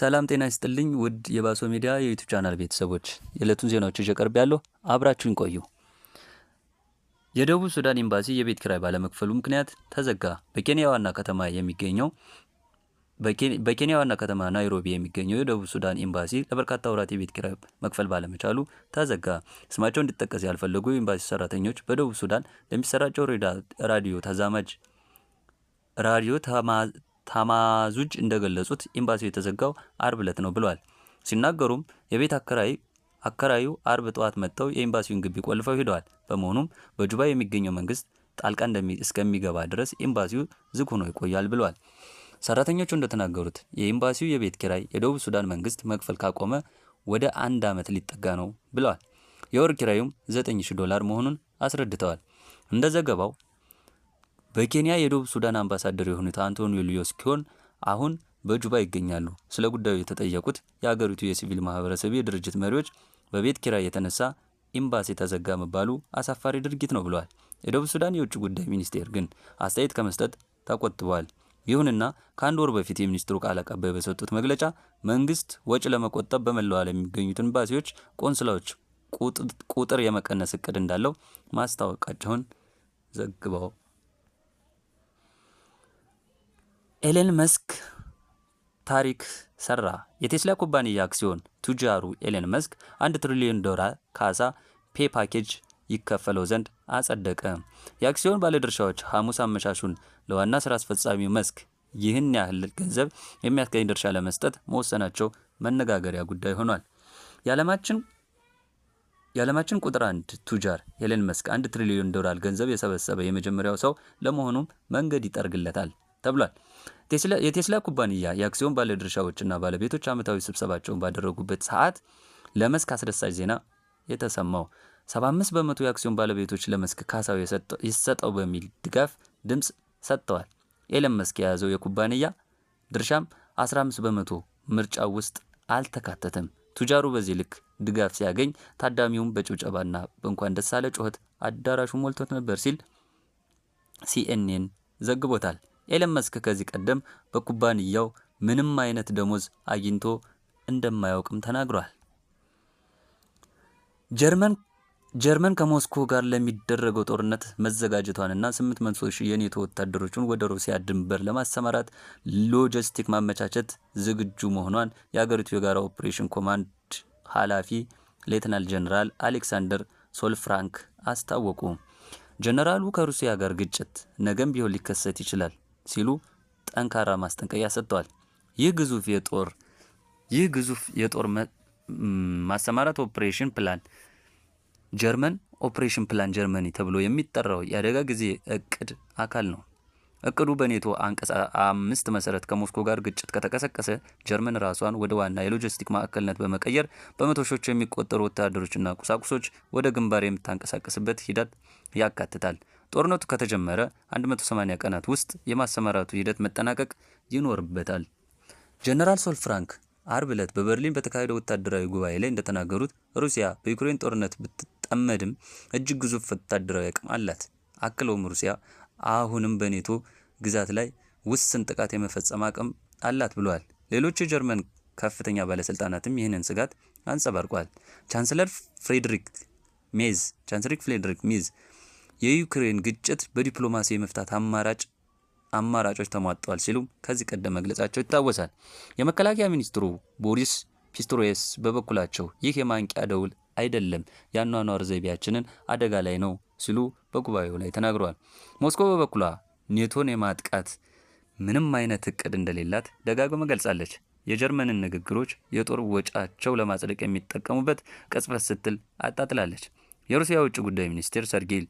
ሰላም ጤና ይስጥልኝ። ውድ የባሶ ሚዲያ የዩቱብ ቻናል ቤተሰቦች የዕለቱን ዜናዎች ይዤ ቀርቤያለሁ። አብራችሁን ቆዩ። የደቡብ ሱዳን ኤምባሲ የቤት ኪራይ ባለመክፈሉ ምክንያት ተዘጋ። በኬንያ ዋና ከተማ የሚገኘው በኬንያ ዋና ከተማ ናይሮቢ የሚገኘው የደቡብ ሱዳን ኤምባሲ ለበርካታ ወራት የቤት ኪራይ መክፈል ባለመቻሉ ተዘጋ። ስማቸው እንዲጠቀስ ያልፈለጉ የኤምባሲ ሰራተኞች በደቡብ ሱዳን ለሚሰራጨው ራዲዮ ተዛማጅ ራዲዮ ታማዙጅ እንደገለጹት ኤምባሲው የተዘጋው አርብ ዕለት ነው ብለዋል። ሲናገሩም የቤት አከራይ አከራዩ አርብ ጠዋት መጥተው የኤምባሲውን ግቢ ቆልፈው ሂደዋል። በመሆኑም በጁባ የሚገኘው መንግስት ጣልቃ እስከሚገባ ድረስ ኤምባሲው ዝግ ሆኖ ይቆያል ብለዋል። ሰራተኞቹ እንደተናገሩት የኤምባሲው የቤት ኪራይ የደቡብ ሱዳን መንግስት መክፈል ካቆመ ወደ አንድ ዓመት ሊጠጋ ነው ብለዋል። የወር ኪራዩም 9000 ዶላር መሆኑን አስረድተዋል። እንደ ዘገባው በኬንያ የደቡብ ሱዳን አምባሳደር የሆኑት አንቶኒዮ ኪሆን አሁን በጁባ ይገኛሉ። ስለ ጉዳዩ የተጠየቁት የአገሪቱ የሲቪል ማህበረሰብ የድርጅት መሪዎች በቤት ኪራይ የተነሳ ኤምባሲ ተዘጋ መባሉ አሳፋሪ ድርጊት ነው ብለዋል። የደቡብ ሱዳን የውጭ ጉዳይ ሚኒስቴር ግን አስተያየት ከመስጠት ተቆጥበዋል። ይሁንና ከአንድ ወር በፊት የሚኒስትሩ ቃል አቀባይ በሰጡት መግለጫ መንግስት ወጪ ለመቆጠብ በመላው ዓለም የሚገኙት ኤምባሲዎች፣ ቆንስላዎች ቁጥር የመቀነስ እቅድ እንዳለው ማስታወቃቸውን ዘግበው ኤለን መስክ ታሪክ ሰራ። የቴስላ ኩባንያ አክሲዮን ቱጃሩ ኤለን መስክ አንድ ትሪሊዮን ዶላር ካሳ ፔ ፓኬጅ ይከፈለው ዘንድ አጸደቀ። የአክሲዮን ባለድርሻዎች ሐሙስ አመሻሹን ለዋና ስራ አስፈጻሚው መስክ ይህን ያህል ገንዘብ የሚያስገኝ ድርሻ ለመስጠት መወሰናቸው መነጋገሪያ ጉዳይ ሆኗል። የዓለማችን የዓለማችን ቁጥር አንድ ቱጃር ኤለን መስክ አንድ ትሪሊዮን ዶላር ገንዘብ የሰበሰበ የመጀመሪያው ሰው ለመሆኑም መንገድ ይጠርግለታል። ተብሏል። የቴስላ ኩባንያ የአክሲዮን ባለድርሻዎችና ባለቤቶች ዓመታዊ ስብሰባቸውን ባደረጉበት ሰዓት ለመስክ አስደሳች ዜና የተሰማው 75 በመቶ የአክሲዮን ባለቤቶች ለመስክ ካሳው ይሰጠው በሚል ድጋፍ ድምፅ ሰጥተዋል። ኤለን መስክ የያዘው የኩባንያ ድርሻም 15 በመቶ ምርጫው ውስጥ አልተካተተም። ቱጃሩ በዚህ ልክ ድጋፍ ሲያገኝ ታዳሚውም በጭብጨባና በእንኳን ደስ አለ ጩኸት አዳራሹ ሞልቶት ነበር ሲል ሲኤንኤን ዘግቦታል። ኤለን መስክ ከዚህ ቀደም በኩባንያው ምንም አይነት ደሞዝ አግኝቶ እንደማያውቅም ተናግሯል። ጀርመን ጀርመን ከሞስኮ ጋር ለሚደረገው ጦርነት መዘጋጀቷንና 800 ሺህ የኔቶ ወታደሮችን ወደ ሩሲያ ድንበር ለማሰማራት ሎጂስቲክ ማመቻቸት ዝግጁ መሆኗን የአገሪቱ የጋራ ኦፕሬሽን ኮማንድ ኃላፊ ሌትናል ጀነራል አሌክሳንደር ሶልፍራንክ አስታወቁ። ጀነራሉ ከሩሲያ ጋር ግጭት ነገም ቢሆን ሊከሰት ይችላል ሲሉ ጠንካራ ማስጠንቀቂያ ሰጥተዋል። ይህ ግዙፍ የጦር ይህ ግዙፍ የጦር ማሰማራት ኦፕሬሽን ፕላን ጀርመን ኦፕሬሽን ፕላን ጀርመኒ ተብሎ የሚጠራው የአደጋ ጊዜ እቅድ አካል ነው። እቅዱ በኔቶ አንቀጽ አምስት መሰረት ከሞስኮ ጋር ግጭት ከተቀሰቀሰ ጀርመን ራሷን ወደ ዋና የሎጂስቲክ ማዕከልነት በመቀየር በመቶ ሺዎች የሚቆጠሩ ወታደሮችና ቁሳቁሶች ወደ ግንባር የምታንቀሳቀስበት ሂደት ያካትታል። ጦርነቱ ከተጀመረ 180 ቀናት ውስጥ የማሰማራቱ ሂደት መጠናቀቅ ይኖርበታል። ጀነራል ሶል ፍራንክ አርብ ዕለት በበርሊን በተካሄደው ወታደራዊ ጉባኤ ላይ እንደተናገሩት ሩሲያ በዩክሬን ጦርነት ብትጠመድም እጅግ ግዙፍ ወታደራዊ አቅም አላት። አክለውም ሩሲያ አሁንም በኔቶ ግዛት ላይ ውስን ጥቃት የመፈጸም አቅም አላት ብለዋል። ሌሎች የጀርመን ከፍተኛ ባለስልጣናትም ይህንን ስጋት አንጸባርቋል። ቻንስለር ፍሬድሪክ ሜዝ ቻንስለር ፍሬድሪክ ሜዝ የዩክሬን ግጭት በዲፕሎማሲ የመፍታት አማራጭ አማራጮች ተሟጠዋል ሲሉ ከዚህ ቀደም መግለጻቸው ይታወሳል። የመከላከያ ሚኒስትሩ ቦሪስ ፒስትሮየስ በበኩላቸው ይህ የማንቂያ ደውል አይደለም፣ የአኗኗር ዘይቤያችንን አደጋ ላይ ነው ሲሉ በጉባኤው ላይ ተናግረዋል። ሞስኮ በበኩሏ ኔቶን የማጥቃት ምንም አይነት እቅድ እንደሌላት ደጋግማ ገልጻለች። የጀርመንን ንግግሮች የጦር ወጫቸው ለማጽደቅ የሚጠቀሙበት ቅጽበት ስትል አጣጥላለች። የሩሲያ ውጭ ጉዳይ ሚኒስቴር ሰርጌይ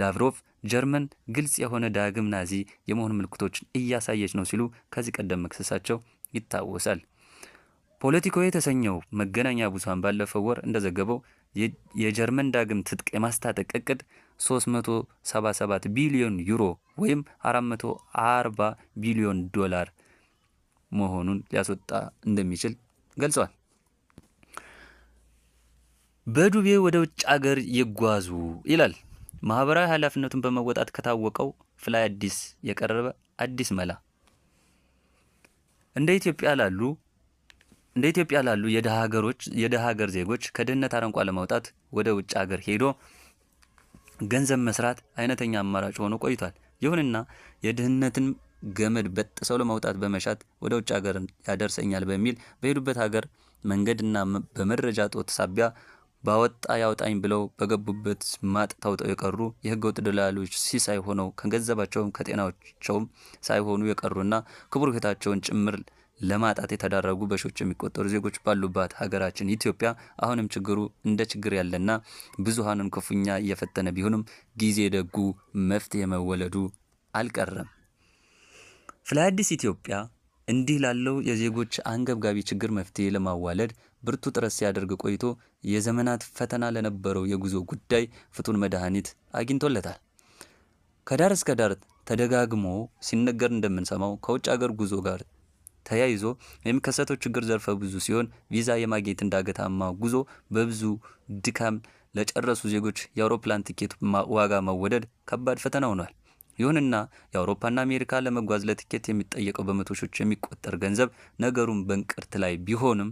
ላቭሮቭ ጀርመን ግልጽ የሆነ ዳግም ናዚ የመሆን ምልክቶችን እያሳየች ነው ሲሉ ከዚህ ቀደም መክሰሳቸው ይታወሳል። ፖለቲኮ የተሰኘው መገናኛ ብዙሃን ባለፈው ወር እንደዘገበው የጀርመን ዳግም ትጥቅ የማስታጠቅ እቅድ 377 ቢሊዮን ዩሮ ወይም 440 ቢሊዮን ዶላር መሆኑን ሊያስወጣ እንደሚችል ገልጿል። በዱቤ ወደ ውጭ አገር ይጓዙ ይላል። ማህበራዊ ኃላፊነቱን በመወጣት ከታወቀው ፍላይ አዲስ የቀረበ አዲስ መላ እንደ ኢትዮጵያ ላሉ እንደ ኢትዮጵያ ላሉ የድሃ ሀገሮች ሀገር ዜጎች ከድህነት አረንቋ ለማውጣት ወደ ውጭ ሀገር ሄዶ ገንዘብ መስራት አይነተኛ አማራጭ ሆኖ ቆይቷል። ይሁንና የድህነትን ገመድ በጥሰው ለማውጣት በመሻት ወደ ውጭ ሀገር ያደርሰኛል በሚል በሄዱበት ሀገር መንገድና በመረጃ ጦት ሳቢያ ባወጣ ያውጣኝ ብለው በገቡበት ማጥ ታውጠው የቀሩ ወጥ ደላሎች ሲሳይ ሆነው ከገንዘባቸውም ከጤናቸውም ሳይሆኑ የቀሩና ክቡር ሕይወታቸውን ጭምር ለማጣት የተዳረጉ በሺዎች የሚቆጠሩ ዜጎች ባሉባት ሀገራችን ኢትዮጵያ አሁንም ችግሩ እንደ ችግር ያለና ብዙሃንን ክፉኛ እየፈተነ ቢሆንም ጊዜ ደጉ መፍትሄ መወለዱ አልቀረም። ፍለአዲስ ኢትዮጵያ እንዲህ ላለው የዜጎች አንገብጋቢ ችግር መፍትሄ ለማዋለድ ብርቱ ጥረት ሲያደርግ ቆይቶ የዘመናት ፈተና ለነበረው የጉዞ ጉዳይ ፍቱን መድኃኒት አግኝቶለታል። ከዳር እስከ ዳር ተደጋግሞ ሲነገር እንደምንሰማው ከውጭ ሀገር ጉዞ ጋር ተያይዞ የሚከሰተው ችግር ዘርፈ ብዙ ሲሆን ቪዛ የማግኘት እንዳገታማ ጉዞ በብዙ ድካም ለጨረሱ ዜጎች የአውሮፕላን ትኬት ዋጋ መወደድ ከባድ ፈተና ሆኗል። ይሁንና የአውሮፓና አሜሪካ ለመጓዝ ለትኬት የሚጠየቀው በመቶ ሺዎች የሚቆጠር ገንዘብ ነገሩን በእንቅርት ላይ ቢሆንም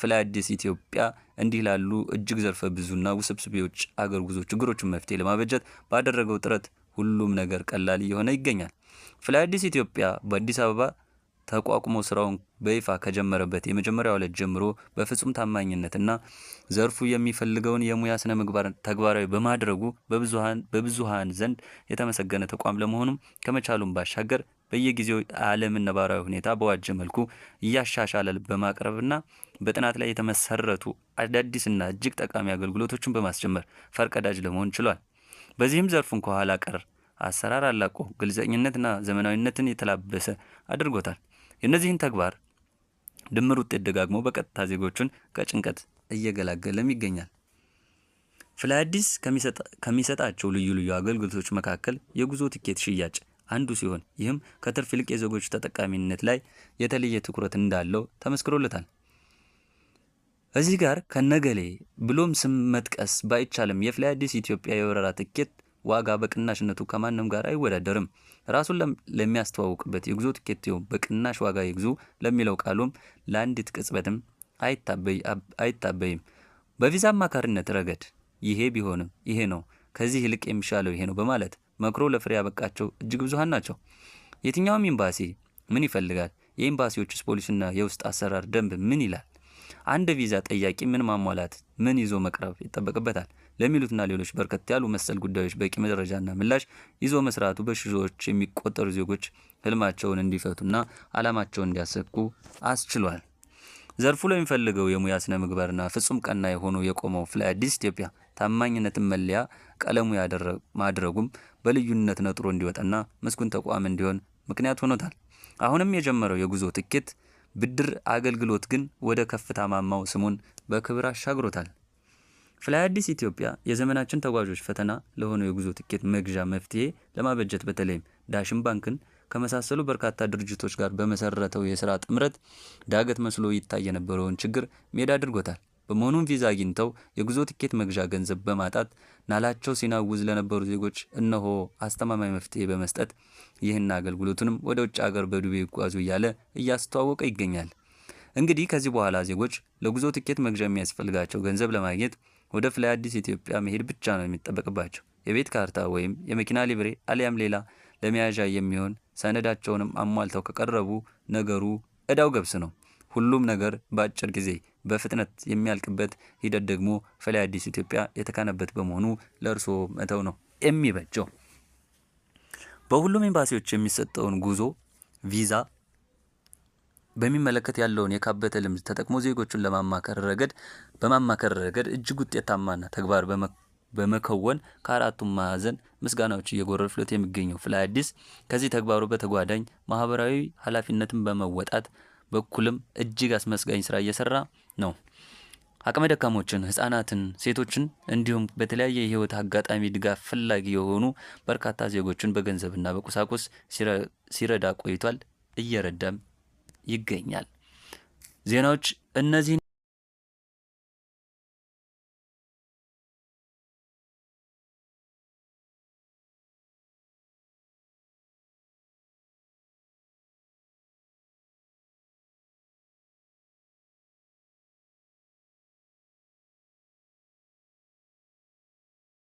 ፍላይ አዲስ ኢትዮጵያ እንዲህ ላሉ እጅግ ዘርፈ ብዙና ውስብስብ የውጭ አገር ጉዞ ችግሮችን መፍትሄ ለማበጀት ባደረገው ጥረት ሁሉም ነገር ቀላል እየሆነ ይገኛል። ፍላይ አዲስ ኢትዮጵያ በአዲስ አበባ ተቋቁሞ ስራውን በይፋ ከጀመረበት የመጀመሪያው ዕለት ጀምሮ በፍጹም ታማኝነትና ዘርፉ የሚፈልገውን የሙያ ስነ ምግባር ተግባራዊ በማድረጉ በብዙሃን ዘንድ የተመሰገነ ተቋም ለመሆኑም ከመቻሉም ባሻገር በየጊዜው ዓለምን ነባራዊ ሁኔታ በዋጀ መልኩ እያሻሻለ በማቅረብና በጥናት ላይ የተመሰረቱ አዳዲስና እጅግ ጠቃሚ አገልግሎቶችን በማስጀመር ፈርቀዳጅ ለመሆን ችሏል። በዚህም ዘርፉን ከኋላ ቀር አሰራር አላቆ ግልጸኝነትና ዘመናዊነትን የተላበሰ አድርጎታል። የእነዚህን ተግባር ድምር ውጤት ደጋግሞ በቀጥታ ዜጎቹን ከጭንቀት እየገላገለም ይገኛል። ፍላይ አዲስ ከሚሰጣቸው ልዩ ልዩ አገልግሎቶች መካከል የጉዞ ትኬት ሽያጭ አንዱ ሲሆን ይህም ከትርፍ ይልቅ የዜጎች ተጠቃሚነት ላይ የተለየ ትኩረት እንዳለው ተመስክሮለታል። እዚህ ጋር ከነገሌ ብሎም ስም መጥቀስ ባይቻልም የፍላይ አዲስ ኢትዮጵያ የወረራ ትኬት ዋጋ በቅናሽነቱ ከማንም ጋር አይወዳደርም። ራሱን ለሚያስተዋውቅበት የጉዞ ትኬትዎ በቅናሽ ዋጋ ይግዙ ለሚለው ቃሉም ለአንዲት ቅጽበትም አይታበይም። በቪዛ አማካሪነት ረገድ ይሄ ቢሆንም ይሄ ነው፣ ከዚህ ይልቅ የሚሻለው ይሄ ነው በማለት መክሮ ለፍሬ ያበቃቸው እጅግ ብዙሀን ናቸው። የትኛውም ኤምባሲ ምን ይፈልጋል? የኤምባሲዎችስ ፖሊሲና የውስጥ አሰራር ደንብ ምን ይላል? አንድ ቪዛ ጠያቂ ምን ማሟላት፣ ምን ይዞ መቅረብ ይጠበቅበታል? ለሚሉትና ሌሎች በርከት ያሉ መሰል ጉዳዮች በቂ መረጃና ምላሽ ይዞ መስራቱ በሺዎች የሚቆጠሩ ዜጎች ህልማቸውን እንዲፈቱና አላማቸውን እንዲያሰኩ አስችሏል። ዘርፉ ለሚፈልገው የሙያ ስነ ምግባርና ፍጹም ቀና የሆኑ የቆመው ፍላይ አዲስ ኢትዮጵያ ታማኝነትን መለያ ቀለሙ ማድረጉም በልዩነት ነጥሮ እንዲወጣና ምስጉን ተቋም እንዲሆን ምክንያት ሆኖታል። አሁንም የጀመረው የጉዞ ትኬት ብድር አገልግሎት ግን ወደ ከፍታ ማማው ስሙን በክብር አሻግሮታል። ፍላይ አዲስ ኢትዮጵያ የዘመናችን ተጓዦች ፈተና ለሆነው የጉዞ ትኬት መግዣ መፍትሄ ለማበጀት በተለይም ዳሽን ባንክን ከመሳሰሉ በርካታ ድርጅቶች ጋር በመሰረተው የስራ ጥምረት ዳገት መስሎ ይታይ የነበረውን ችግር ሜዳ አድርጎታል። በመሆኑም ቪዛ አግኝተው የጉዞ ትኬት መግዣ ገንዘብ በማጣት ናላቸው ሲናውዝ ለነበሩ ዜጎች እነሆ አስተማማኝ መፍትሄ በመስጠት ይህን አገልግሎቱንም ወደ ውጭ ሀገር በዱቤ ይጓዙ እያለ እያስተዋወቀ ይገኛል። እንግዲህ ከዚህ በኋላ ዜጎች ለጉዞ ትኬት መግዣ የሚያስፈልጋቸው ገንዘብ ለማግኘት ወደ ፍላይ አዲስ ኢትዮጵያ መሄድ ብቻ ነው የሚጠበቅባቸው። የቤት ካርታ ወይም የመኪና ሊብሬ አሊያም ሌላ ለመያዣ የሚሆን ሰነዳቸውንም አሟልተው ከቀረቡ ነገሩ እዳው ገብስ ነው። ሁሉም ነገር በአጭር ጊዜ በፍጥነት የሚያልቅበት ሂደት ደግሞ ፍላይ አዲስ ኢትዮጵያ የተካነበት በመሆኑ ለእርስዎ መተው ነው የሚበጀው። በሁሉም ኤምባሲዎች የሚሰጠውን ጉዞ ቪዛ በሚመለከት ያለውን የካበተ ልምድ ተጠቅሞ ዜጎቹን ለማማከር ረገድ በማማከር ረገድ እጅግ ውጤታማና ተግባር በመከወን ከአራቱም ማዕዘን ምስጋናዎች እየጎረፍለት የሚገኘው ፍላይ አዲስ ከዚህ ተግባሩ በተጓዳኝ ማህበራዊ ኃላፊነትን በመወጣት በኩልም እጅግ አስመስጋኝ ስራ እየሰራ ነው። አቅመ ደካሞችን፣ ህጻናትን፣ ሴቶችን እንዲሁም በተለያየ የህይወት አጋጣሚ ድጋፍ ፈላጊ የሆኑ በርካታ ዜጎችን በገንዘብና በቁሳቁስ ሲረዳ ቆይቷል። እየረዳም ይገኛል። ዜናዎች እነዚህ